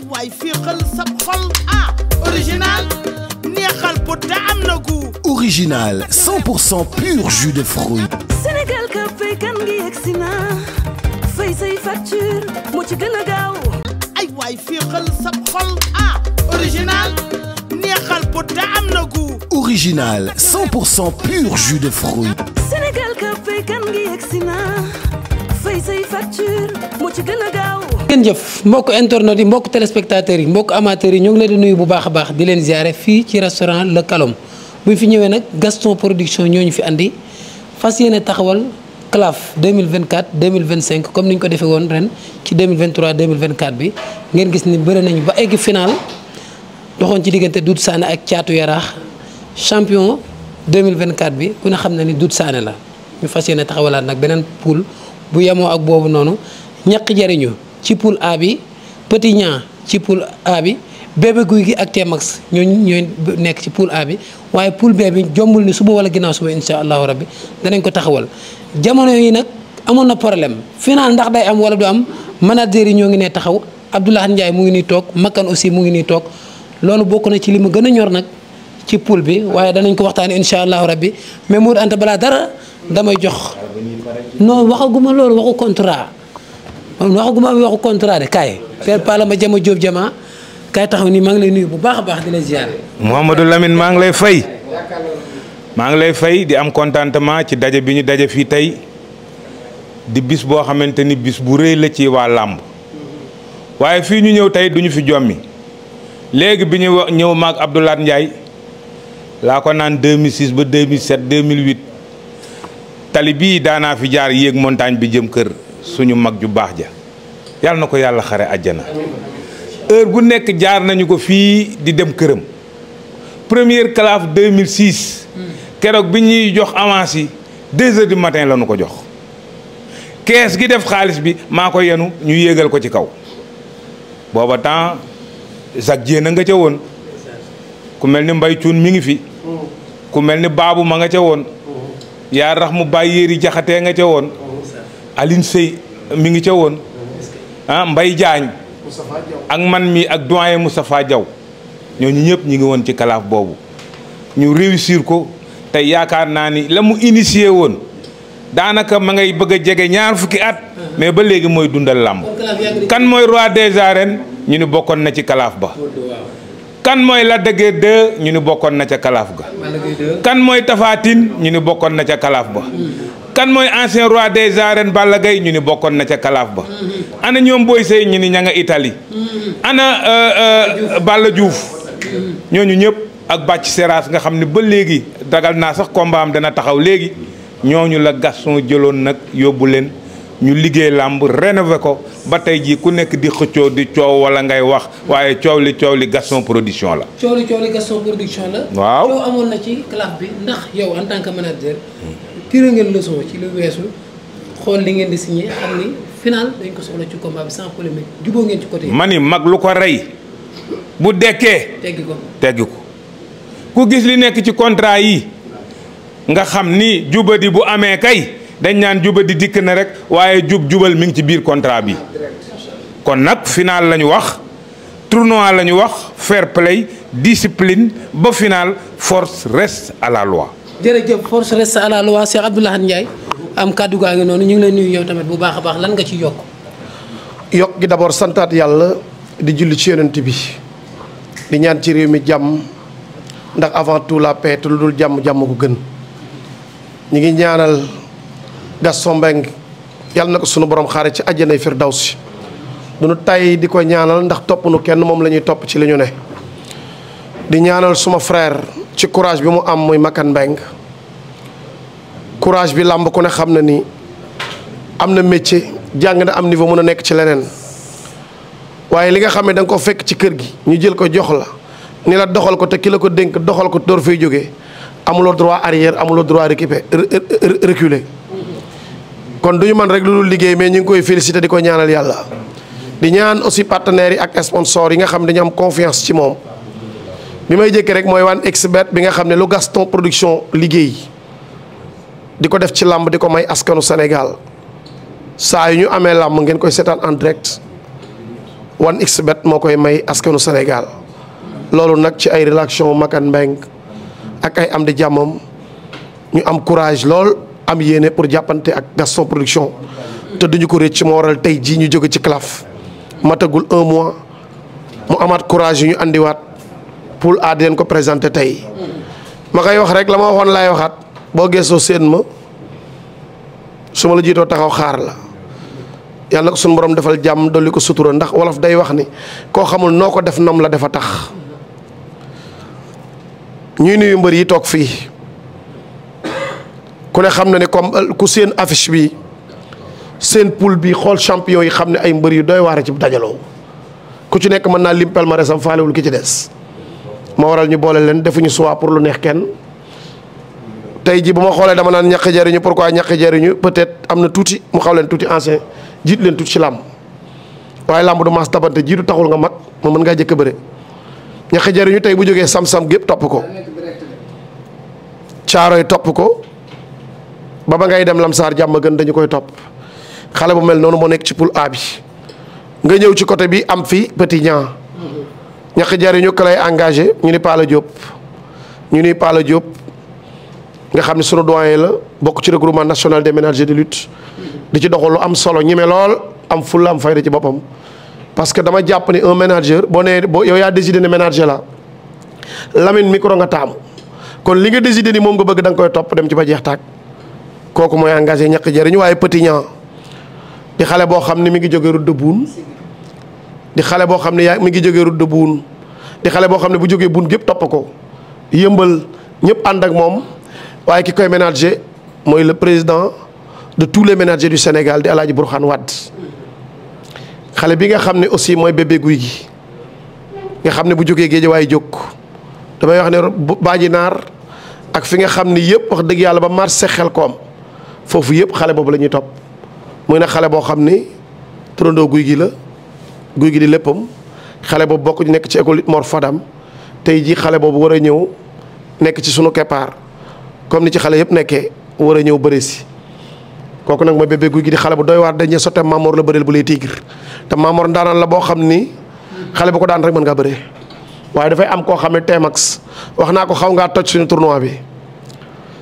Ah, ay waay féexal sab xol ah original neexal pot te am original pur jus de fruits Sénégal ka fay kan ngi yegsi fay say facture moo ci gën original neexal pot te am original pur jus de fruits Sénégal ka fay kan ngi yegsi fay say facture moo ci gën ngeen jëf mbokk internet yi mbokk téléspectateurs yi mbokk amateurs yi ñoo ngi leen di nuyu bu baax a baax di leen ziare fii ci restaurant Le Calom bu fi ñëwee nag Gaston Production ñoo ñu fi indi fas yéene taxawal CLAF 2024 2025 comme ni ko defee woon ren ci 2023 2024 bi ngeen gis ni bëri nañu ba egg final doxoon ci diggante Doudou Sané ak caatu Yaraax champion 2024 bi ku ne xam na ni Doudou Sané la ñu fas yéene taxawalaat nag beneen poule bu yemoo ak boobu noonu ñaq jariñu ci poule A bi Petit ci poul A bi bébé guy gi ak Tmax ñoo ñooy nekk ci poul A bi waaye poule B bi jombul ni suba wala ginnaaw suba insha allahu rabbi danañ ko taxawal jamono yi nag amoon na problème finaal ndax day am wala du am manager yi ñoo ngi ne taxaw Abdoulaye Ndiaye mu ngi nii toog Makan aussi mu ngi nii toog loolu bokk na ci li ma gën a ñor nag ci poul bi waaye danañ ko waxtaanee incha allahu rabbi mais Modou Anta balaa dara damay jox non waxaguma loolu waxu contrat man waxaguma am waxu contrat de kaay. faire pala ma jama jóob jama kaay taxaw nii maa ngi lay nuyu bu baax a baax di la ziar. Mouhamadou Lamine maa ngi lay fay. maa ngi lay fay di am kontantement ci daje bi ñu daje fii tey di bis boo xamante ni bis bu rëy la ci waa làmb waaye fii ñu ñëw tey duñu fi jommi léegi bi ñuy ñu ñëw maag Abdoulaye Ndiaye laa ko naan 2006 ba 2007 2008 tali bii daanaa fi jaar yéeg montagne bi jëm kër. suñu mag ju baax ja yàlla na ko yàlla xare àjjana heure bu nekk jaar nañu ko fii di dem këram première calaf 2006 keroog bi ñuy jox avance yi deux heures du matin la ñu ko jox kees gi def xaalis bi maa ko yenu ñu yéegal ko ci kaw booba temps Jacques Dieng a nga ca woon ku mel ni Mbay Cuun mi ngi fi ku mel ni Baabu ma nga ca woon yaa rax mu bàyyi yéeri jaxatee nga ca woon Aline Sey mi ngi ca woon ah Mbaye ak man mi ak doyen Moustapha Diaw ñooñu ñëpp ñu ngi woon ci kalaaf boobu ñu réussir ko tey yaakaar naa ni la mu initié woon daanaka ma ngay bëgg a jege ñaar fukki at uh-huh. mais ba léegi mooy dundal làmb kan mooy roi des arènes ñu ni bokkoon na ci kalaaf ba kan mooy la de Guiers ñu ni bokkoon na ca kalaaf ga kan mooy Tapha ñu ni bokkoon na ca kalaaf ba mm. kan mooy ancien roi des arènes Balla Gaye ñu ni bokkoon na ca kalaaf ba mm-hmm. ana ñoom booy sëy ñu ni ña itali Italie mm-hmm. ana euh, euh, Balla Diouf mm-hmm. ñooñu ñëpp ak bàcc séras nga xam ne ba léegi dagal naa sax combat dana taxaw léegi ñooñu la Gaston jëloon nag yóbbu leen ñu liggéey làmb rénové ko ba tey jii ku nekk di xëccoo di coow wala ngay wax waaye coow li coow li Gaston production la. waaw tiré ngeen leçon ci lu weesu xool li ngeen di signé xam ni final dañ ko soxla ci combat bi sans ma ni mag lu ko rey bu dekkee. teggi ko teggi ko ku gis li nekk ci contrat yi nga xam ni jubadi bu amee kay dañ naan jubadi dikk na rek waaye jub jubal mi ngi ci biir contrat bi kon nag final la ñu wax. tournoi la ñu wax fair play discipline ba finaal force reste à la loi jërëjëf force reste à la loi Cheikh Abdou Lahad Ndiaye am kàddu gaa ngi noonu ñu ngi leen nuyu yow tamit bu baax a baax lan nga ci yokk. yokk gi d'abord santaat yàlla di julli ci yonent bi di ñaan ci réew mi jàmm ndax avant tout la paix lu dul jàmm jàmm gu gën ñu ngi ñaanal Gaston Mbengue yàlla na ko sunu borom xaare ci àjjanay Firdawsi duñu tay di ko ñaanal ndax topp nu kenn moom la ñuy topp ci li ñu ne di ñaanal suma frère. ci courage bi mu am muy Makan Mbeng courage bi làmb ku ne xam na ni am na métier jàng na am niveau mën a nekk ci leneen waaye li nga xam ne da nga ko fekk ci kër gi ñu jël ko jox la ni la doxal ko te kilo ko dénk doxal ko door fay jógee amuloo droit arrière amuloo droit récupé reculer kon du ñu man rek lu dul liggéey mais ñu ngi koy félicité di ko ñaanal yàlla di ñaan aussi partenaires yi ak sponsors yi nga xam ne dañu am confiance ci moom bi may jëkk rek mooy wan expert bi nga xam ne lu Gaston production liggéey di ko def ci làmb di ko may askanu Sénégal saa yu ñu amee làmb ngeen koy seetaan en direct one xbet moo koy may askanu Sénégal loolu nag ci ay relation Makan Mbeng ak ay am di jàmmam ñu am courage lool am yéene pour jàppante ak Gaston production te duñu ko ci moo waral tey jii ñu jóge ci CLAF matagul un mois mu amaat courage yu ñu andiwaat. poule A ko présenté tey ma koy wax rek la ma waxoon laay waxaat boo gëstoo seen ma suma la jiitoo taxaw xaar la yàlla na ko suñu borom defal jàmm dolli ko sutura ndax wolof day wax ni koo xamul noo ko def nom la defa tax ñuy nuyu mbër yi toog fii ku ne xam na ne comme euh, ku seen affiche bi seen poule bi xool champion yi xam ne ay mbër yu dooy waare ci dajaloo ku ci nekk mën naa lim ma am faalewul ki ci des moo waral ñu boole leen defuñu choix pour lu neex kenn tey ji bu ma xoolee dama naan ñàkk jariñu pourquoi ñàkk jariñu peut-être am na tuuti mu xaw leen tuuti ancien jiit leen tuuti ci làmb waaye làmb du maas tabante jiitu taxul nga mag ma mën ngaa jëkk bëre ñàkk jariñu tey bu jógee sam-sam gépp topp ko caaro yi topp ko ba ba ngay dem lamsaar jàmm gën dañu koy topp xale bu mel noonu moo nekk ci poule A bi nga ñëw ci côté bi am fii Petit Niang ñàkk jariñu ka lay engagé ñu ni Paala jóop ñu ni Paala Diop nga xam ne sunu doyen la bokk ci regroupement national des ménagers de lutte di ci doxal lu am solo ñeme lool am fulla am fayda ci boppam parce que dama jàpp ni un manager boo nee boo yow yaa décidé ne manager la Lamine micro nga taam kon li nga décidé ni moom nga bëgg da nga koy topp dem ci ba jeex taag kooku mooy engagé ñàkk jariñu waaye petit di xale boo xam ne mi ngi jóge rudde buun di xale boo xam ne yaa mi ngi jógee route de Boune xale boo xam ne bu jógee Boune gépp topp ko yëmbal ñëpp ànd ak moom waaye ki koy ménager mooy le président de tous les ménagers du Sénégal di El Hadj Bourkhane Wade xale bi nga xam ne aussi mooy bébé guy gi nga xam ne bu jógee géej waaye jóg damay wax ne baaji naar ak fi nga xam ni yëpp wax dëgg yàlla ba marché xel koom foofu yëpp xale boobu la ñuy topp muy ne xale boo xam ni turandoo guy gi la guy gi di léppam xale boobu bokk nekk ci école Mor Fadam tey jii xale boobu war a ñëw nekk ci sunu keppaar comme ni ci xale yëpp nekkee war a ñëw bëre si. kooku nag mooy bébé guy gi di xale bu doy waar dañuy sotte Mamor la bëreel bu lay tigir te Mamor ndaanaan la boo xam ni xale bu ko daan rek mën ngaa bëree waaye dafay am koo xam ne Tmax wax naa ko xaw ngaa toj suñu tournoi bi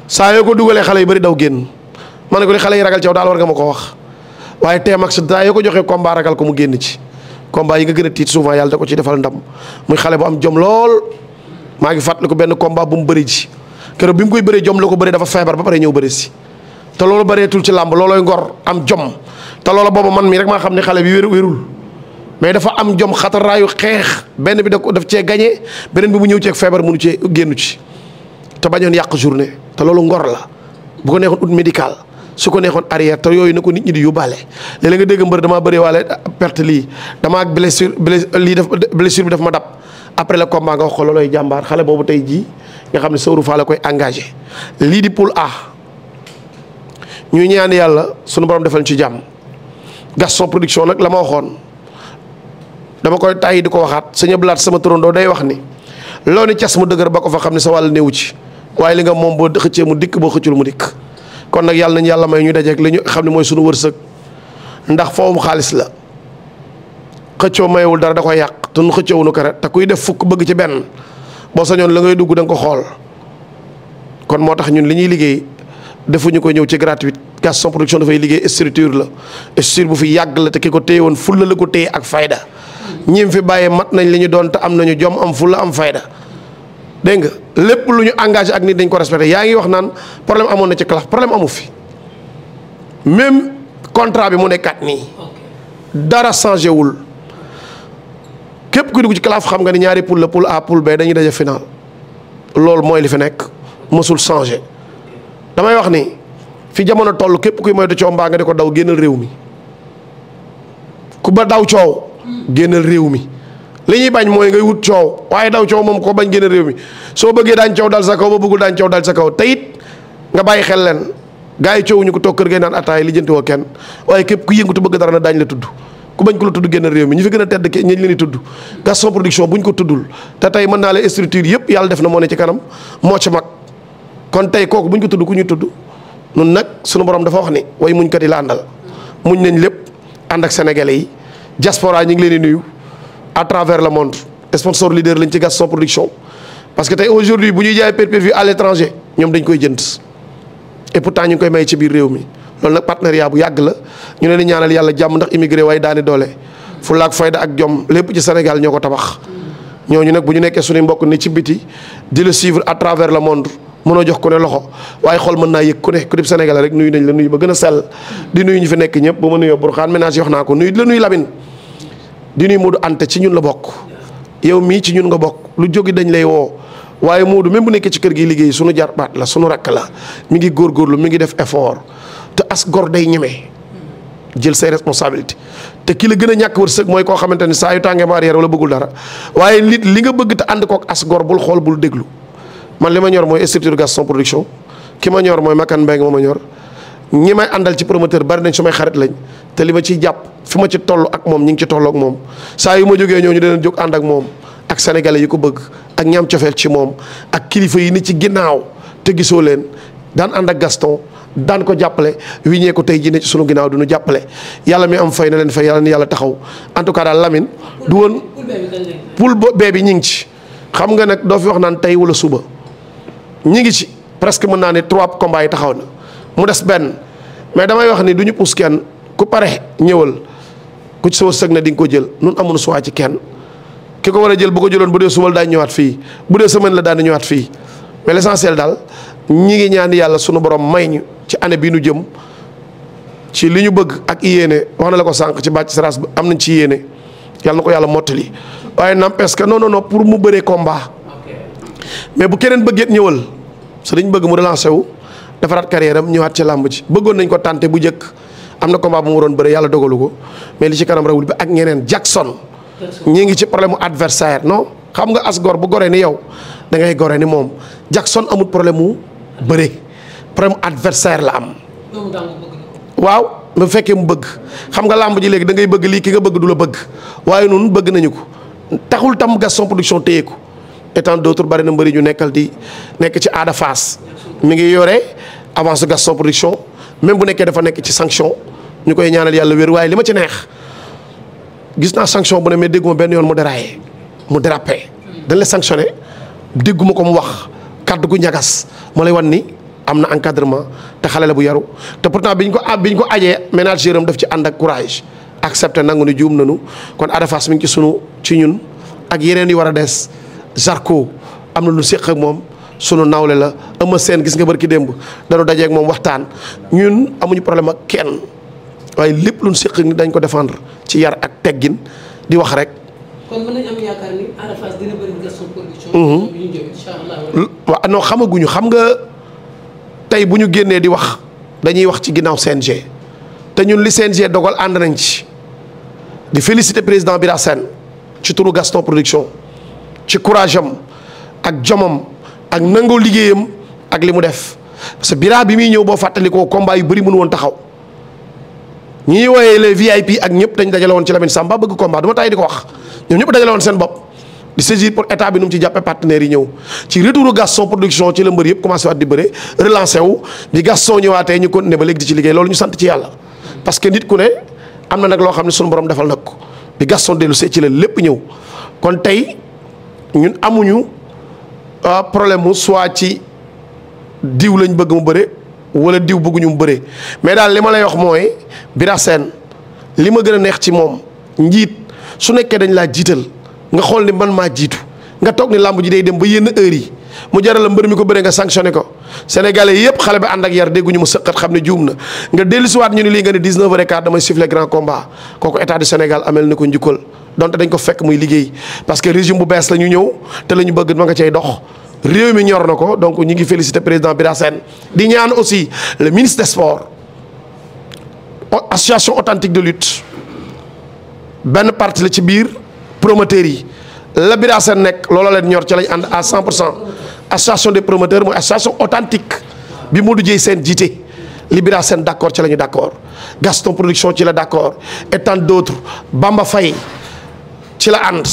saa yoo ko dugalee xale yu bari daw génn ma ne ko xale yi ragal ci daal war nga ma ko wax waaye Tmax saa yoo ko joxee combat ragal ko mu génn ci. combat yi nga gën a tiit souvent yàlla da ko ci defal ndam muy xale bu am jom lool maa ngi ko benn combat bu mu bëri ji keroog bi mu koy bëree jom ko bëree dafa feebar ba pare ñëw bëri si te loolu bareetul ci làmb loolooy ngor am jom te loola boobu man mii rek maa xam ne xale bi wér wérul mais dafa am jom xataraayu xeex benn bi da ko daf cee gagné beneen bi mu ñëw ceeg feebar mënu cee génnu ci te bañoon yàq journée te loolu ngor la bu ko neexoon ut médical su ko neexoon arrière te yooyu na ko nit ñi di yóbbaale léeg-léeg nga dégg mbër damaa bëri waale perte lii damaa ak blessure lii daf blessure bi daf ma dab après le combat nga wax ko loolooy jàmbaar xale boobu tey jii nga xam ne Saourou Fall la koy engagé lii di poul A ñuy ñaan yàlla sunu borom defal ñu ci jàmm Gaston production nag la ma waxoon dama koy tàyyi di ko waxaat sëñ Ablaat sama turandoo day wax ni loolu ni cas mu dëgër ba ko fa xam ne sa wàll néewu ci waaye li nga moom boo xëccee mu dikk boo xëccul mu dikk kon nag yàlla nañu yàlla may ñu dajeek li ñu xam ne mooy suñu wërsëg ndax fawum xaalis la xëccoo mayewul dara da koy yàq te nu xëccoo nu kare te kuy def fukk bëgg ci benn boo sañoon la ngay dugg danga ko xool kon moo tax ñun li ñuy liggéey defuñu ko ñëw ci gratuite Gaston Production dafay liggéey structure la structure bu fi yàgg la te ki ko téye woon fulla la la ko téye ak fayda ñim fi bàyyee mat nañ li ñu doon te am nañu jom am la am fayda dégg nga lépp lu ñu engagé ak nit dañ ko respecté yaa ngi wax naan problème amoon na ci CLAF problème amu fi même contrat bi mu nekkaat nii dara changé wul képp ku dugg ci CLAF xam nga ni ñaari poule la poule A poule B dañuy daje final loolu mooy li fi nekk mësul changé damay wax ni fi jamono toll képp kuy moytu coow mbaa nga di ko daw génnal réew mi ku ba daw coow hmm. génnal réew mi. li ñuy bañ mooy ngay wut coow waaye daw coow moom ko bañ génn réew mi soo bëggee daan coow dal sa kaw ba bëggul daañ coow dal sa kaw te it nga bàyyi xel leen gars yi coow ñu ko toog kër ngay naan ataay li jënti woo kenn waaye képp ku yëngu te bëgg dara na daañ la tudd ku bañ ko la tudd génn réew mi ñu fi gën a tedd ke ñañ leen di tudd Gaston Production buñ ko tuddul te tey mën naa la structure yëpp yàlla def na moo ne ci kanam moo ci mag kon tey kooku buñ ko tudd ku ñuy tudd nun nag sunu borom dafa wax ni way muñ kat yi la muñ nañ lépp ànd ak sénégalais yi diaspora ñi ngi leen di nuyu à travers le monde sponsor leader lañ ci gas Gaston Production parce que tey aujourd'hui bu ñuy jaay pay-per-view à l'étranger ñoom dañ koy jënd et pourtant ñu ngi koy may ci biir réew mi loolu nag partenariat bu yàgg la ñu ne di ñaanal yàlla jàmm ndax immigré waaye daani doole fulla ak fayda ak jom lépp ci Sénégal ñoo ko tabax ñooñu nag bu ñu nekkee suñu mbokk ne ci biti di le suivre à travers le monde mënoo jox ku ne loxo waaye xol mën naa yëg a ñu fi nekk ñëpp bu ma nuyoo Bourkhane ménage naa ko nuyu di la di nuyu Modou Anta ci ñun la bokk yow mii ci ñun nga bokk lu jóge dañ lay woo waaye Modou même bu nekkee ci kër gi liggéey suñu jarbaat la suñu rakk la mi ngi góorgóorlu mi ngi def effort te as gor day ñeme jël say responsabilité te ki la gën a ñàkk wërsëg mooy koo xamante ni saa yu tàngee ba arrière wala bëggul dara waaye li li nga bëgg te ànd kook as gor bul xool bul déglu man li ma ñor mooy structure Gaston Production ki ma ñor mooy Makan Mbengue ma ñor ñi may àndal ci promoteur bari nañ sumay xarit lañ te li ma ciy jàpp fi ma ci toll ak moom ñi ngi ci tollook moom saa yu ma jógee ñooñu dana jóg ànd ak moom ak sénégalais yi ko bëgg ak ñaam cofeel ci moom ak kilifa yi ni ci ginnaaw te gisoo leen daan ànd ak Gaston daan ko jàppale wiññee ko tey jii ne ci sunu ginnaaw du jàppale yàlla mi am fay na leen fay yàlla ni yàlla taxaw en tout cas daal Lamine. du woon poul bee bi ñu ngi ci. xam nga nag doo fi wax naan tey wala suba ñu ngi ci presque mën naa ne trois combats yi taxaw na. mu des benn mais damay wax ni du ñu pousse kenn ku pare ñëwal ku ci sa wërsëg na di ko jël nun amuñu suwaa ci kenn ki ko war a jël bu ko jëloon bu dee subal daañu ñëwaat fii bu dee semaine la daan ñëwaat fii mais l'essentiel daal ñi ngi ñaan yàlla sunu borom may ñu ci année bii nu jëm ci li ñu bëgg ak yéene wax na la ko sànq ci bàcc saraas bi am nañ ci yéene yàlla na ko yàlla mottali waaye n'empêche que noonu non pour mu bëree combat mais bu keneen bëggee ñëwal sa dañ bëgg mu relancer wu. defaraat carrière am ñëwaat ci làmb ji bëggoon nañ ko tànte bu njëkk am na combat bu mu roon bëre yàlla dogalu ko mais li ci kanam rawul bi ak ñeneen Jackson. ñi ngi ci problème mu adversaire no xam nga as gor bu gore ni yow da gore ni moom Jackson amul problème mu bëre problème mu adversaire la am. waaw bu fekkee mu bëgg xam nga làmb ji léegi da ngay bëgg lii ki nga bëgg du la bëgg waaye noonu bëgg nañu ko taxul tam Gaston production téye ko étant d'autres bari na mbëri ñu nekkal di nekk ci aada faas mi ngi yore avance Gaston Production même bu nekkee dafa nekk ci sanction ñu koy ñaanal yàlla wér waaye li ma ci neex gis naa sanction bu ne mais dégguma benn yoon mu déraillé mu dérapé dañ la sanctionné dégguma ko mu wax kàddu gu ñagas ma lay wan ni am na encadrement te xale bu yaru te pourtant biñ ko ab biñ ko ajee ménagère am def ci ànd ak courage accepté nangu ni juum nañu kon Ada mu ngi ci sunu ci ñun ak yeneen yi war a des Zarko am na lu séq ak moom. sunu nawle la Eumeu Sène gis nga ki démb dañu dajeeg moom waxtaan ñun amuñu problème ak kenn waaye lépp luñ séq ni dañ ko défendre ci yar ak teggin di wax rek. kon mhm. xamaguñu xam nga tey bu ñu génnee di wax dañuy wax ci ginnaaw CNG te ñun li CNG dogal ànd nañ ci di féliciter président Bira Sène ci turu Gaston Production ci courage am ak jomam. ak nangoo liggéeyam ak li mu def parce que bi muy ñëw boo fàttalikoo combat yu bëri mënu woon taxaw ñi wooyee les VIP ak ñëpp dañ dajale woon ci Lamine Samba bëgg combat du ma tay di ko wax ñoom ñëpp dajale woon seen bopp di saisir pour état bi nu mu ci jàppee partenaires yi ñëw ci retour Gaston production ci la mbër yëpp commencé waat di bëre relancé wu bi Gaston ñëwaatee ñu continué ba léegi di ci liggéey loolu ñu sant ci yàlla parce que nit ku ne am na nag loo xam ne suñu borom defal nag ko bi Gaston dellu see ci la lépp ñëw kon Ah, problème mu soit ci diw lañ bëgg mu bëre wala diw bëgguñu mu bëre mais daal li ma lay wax mooy Bira li ma gën a neex ci moom njiit su nekkee dañ laa jiital nga xool ni man maa jiitu nga toog ni làmb ji day dem ba yenn heures yi mu jaral la mbër mi ko bëre nga sanctionné ko sénégalais yëpp xale bi ànd ak yar dégguñu mu sëqat xam ne juum na nga dellusiwaat ñu ni lii nga ne 19 heures et quart damay siffler grand combat kooku état du Sénégal amel na ko njukkal donte dañ ko fekk muy liggéey parce que régime bu bees la ñu ñëw te la ñu bëgg ma nga cay dox réew mi ñor na ko donc ñu ngi félicité président Bira Sène di ñaan aussi le ministre des sports association authentique de lutte benn parti la ci biir promoteurs yi la Bira Sène nekk loola leen ñor ci lañ ànd à 100 pour cent association des promoteurs mooy association authentique bi Modou Dieye Sène jiite li Bira Sène d' accord ci la ñu d' accord Gaston production ci la d' accord et tant d' autres Bamba Faye ci la ànd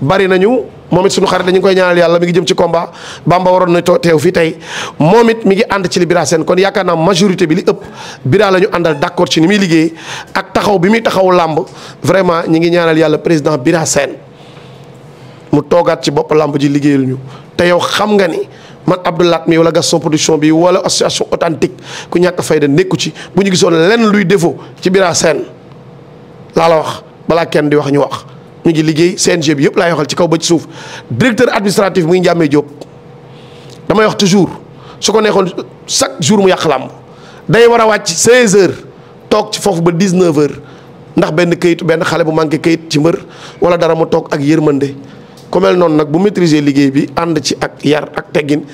bari nañu moom it suñu xarit dañu koy ñaanal yàlla mi ngi jëm ci combat Bamba waroon na teew fii tey moom it mi ngi ànd ci li Bira kon yaakaar naa majorité bi li ëpp Bira la ñu àndal d' ci ni muy liggéey ak taxaw bi muy taxaw làmb vraiment ñi ngi ñaanal yàlla président Bira Sène mu toogaat ci bopp làmb ji liggéeyal ñu te yow xam nga ni man Abdou Lahat mi wala Gaston production bi wala association authentique ku ñàkk fayda nekku ci bu ñu gisoon lenn luy défaut ci biira Sène laa la wax balaa kenn di wax ñu wax ñu ngi liggéey CNG bi yëpp laay waxal ci kaw ba ci suuf directeur administratif muy Ndiamé Diop damay wax toujours su ko neexoon chaque jour mu yàq làmb day war a wàcc 16 heures toog ci foofu ba 19 heures ndax benn këyit benn xale bu manqué ci mbër wala dara mu toog ak yërmande ku mel noonu nag bu maîtriser liggéey bi ànd ci ak yar ak teggin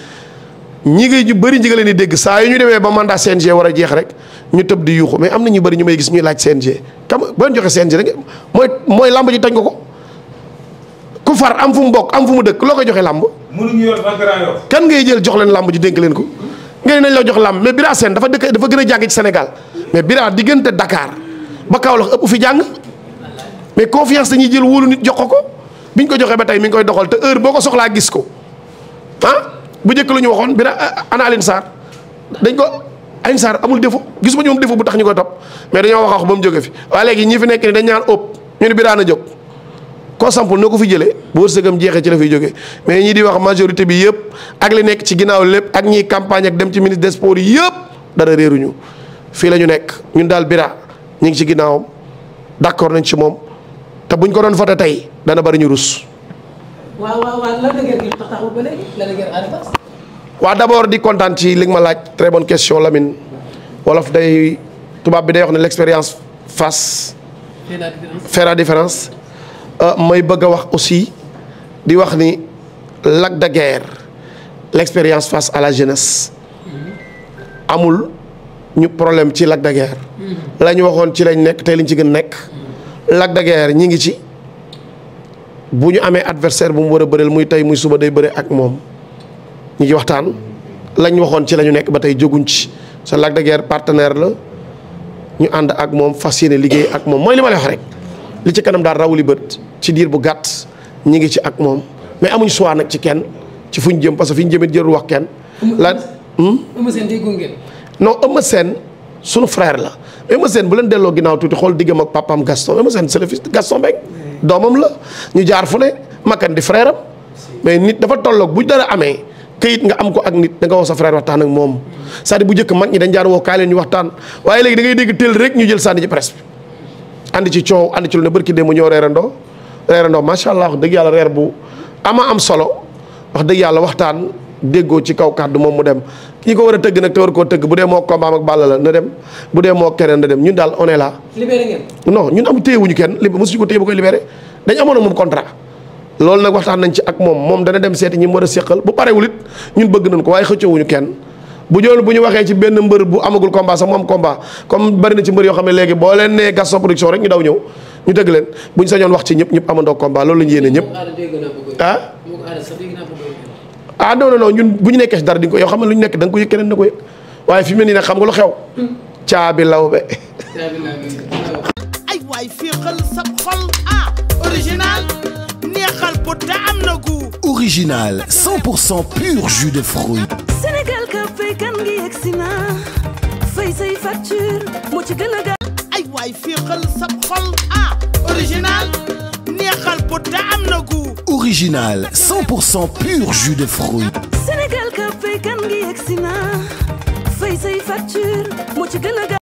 ñi ngi ñu bëri ñi leen di dégg saa yu ñu demee ba mandat CNG war a jeex rek ñu tëb di yuuxu mais am na ñu bëri ñu may gis ñuy laaj CNG xam nga boo joxe CNG rek mooy mooy làmb ji tañ ko ko ku am fu mu bokk am fu mu dëkk loo koy joxe làmb. mënuñu yor ngay jël jox làmb ji dénk leen ko. Hmm? ngeen nañ la jox làmb mais Bira Sène dafa dafa gën a jàng ci Sénégal mais Bira diggante Dakar ba Kaolack ëpp fi jàng mais confiance dañuy jël wóolu nit jox ko ko biñ ko joxee ba tey mi ngi koy doxal te heure boo ko soxlaa gis ko ah bu njëkk lu ñu waxoon bi na eh, ana Alioune Sarr dañ ko Alioune Sarr amul défaut gisuma ñoom défaut bu tax ñu ko topp mais dañoo wax wax ba mu jóge fi waaye léegi ñi fi nekk dañ ñaan ëpp ñu ne Birane Diop koo sampul noo ko fi jëlee bu wërsëgam jeexee ci la fiy jóge mais ñii di wax majorité bi yëpp ak li nekk ci ginnaaw lépp ak ñiy campagne ak dem ci ministre des sports yëpp dara réeruñu fii la ñu nekk ñun daal Bira ñu ngi ci ginnaawam d'accord nañ ci moom te buñ ko doon voté tey dana bari ñu rus. waa waaw waaw di kontaan ci li ma laaj très bonne question Lamine wolof day tubaab bi day wax ne l'expérience face. faire la différence euh, may bëgg a wax aussi di wax ni lac de guerre l'expérience face à la jeunesse mm-hmm. amul ñu problème ci lac de guerre mm-hmm. ñu waxoon ci lañ nekk tey liñ ci gën nekk mm-hmm. lac de guerre ngi ci. bu ñu amee adversaire bu mu war a bëreel muy tey muy suba day bëre ak moom ñu ngi waxtaan lañ waxoon ci la ñu nekk ba tey jóguñ ci sa Lac de partenaire la ñu ànd ak moom fas yéene liggéey ak moom mooy li ma lay wax rek li ci kanam daal rawuli bët ci diir bu gàtt ñi ngi ci ak moom mais amuñ choix nag ci kenn ci fuñ jëm parce que fi ñu jëmee jërul wax kenn la Eumeu Sène hmm? day gunge non Eumeu Sène sunu frère la Eumeu Sène bu leen delloo ginnaaw tuuti xool diggam ak papam Gaston doomam la ñu jaar fu ne makkan di frère mais nit dafa tolloog bu dara amee këyit nga am ko ak nit da nga woo sa frère waxtaan ak moom cest à bu jëkk mag ñi dañ jaar woo kaay leen ñu waxtaan waaye léegi da dégg teel rek ñu jël saa ci presse bi andi ci coow andi ci lu ne barki mu ñoo reerandoo reerandoo macha allah wax dëgg yàlla reer bu ama am solo wax dëgg yàlla waxtaan déggoo ci kaw kàdd moom mu dem ki ko war a tëgg nag te war koo tëgg bu dee moo combat ak Balla la na dem bu dee moo keneen na dem ñun daal on est là. libéré ngeen. kenn li mosuñu ko téye ba moom contrat. loolu nag waxtaan nañ ci ak moom moom dana dem seeti ñi mu war a séqal bu parewul it ñun bëgg nañ ko waaye xëccoowuñu kenn bu joolu bu ñu waxee ci benn mbër bu amagul combat sax mu am comme bari na ci mbër yoo xam ne léegi boo leen nee Gaston production rek ñu daw ñëw ñu dëgg leen bu ñu wax ci ñëpp ñëpp amandoo combat loolu la ñu yéene ñëpp ah ah non non ñun bu ñu nekkee si xam nga lu nekk da nga ko yëg keneen na ko yëg waaye fi mu nii nag xam nga lu xew. caabi lawbe. caabi ay waay féexal sa xol xol ah original neexal bu te na gu. original pur jus de fruits. Sénégal Café kan gi yegsi na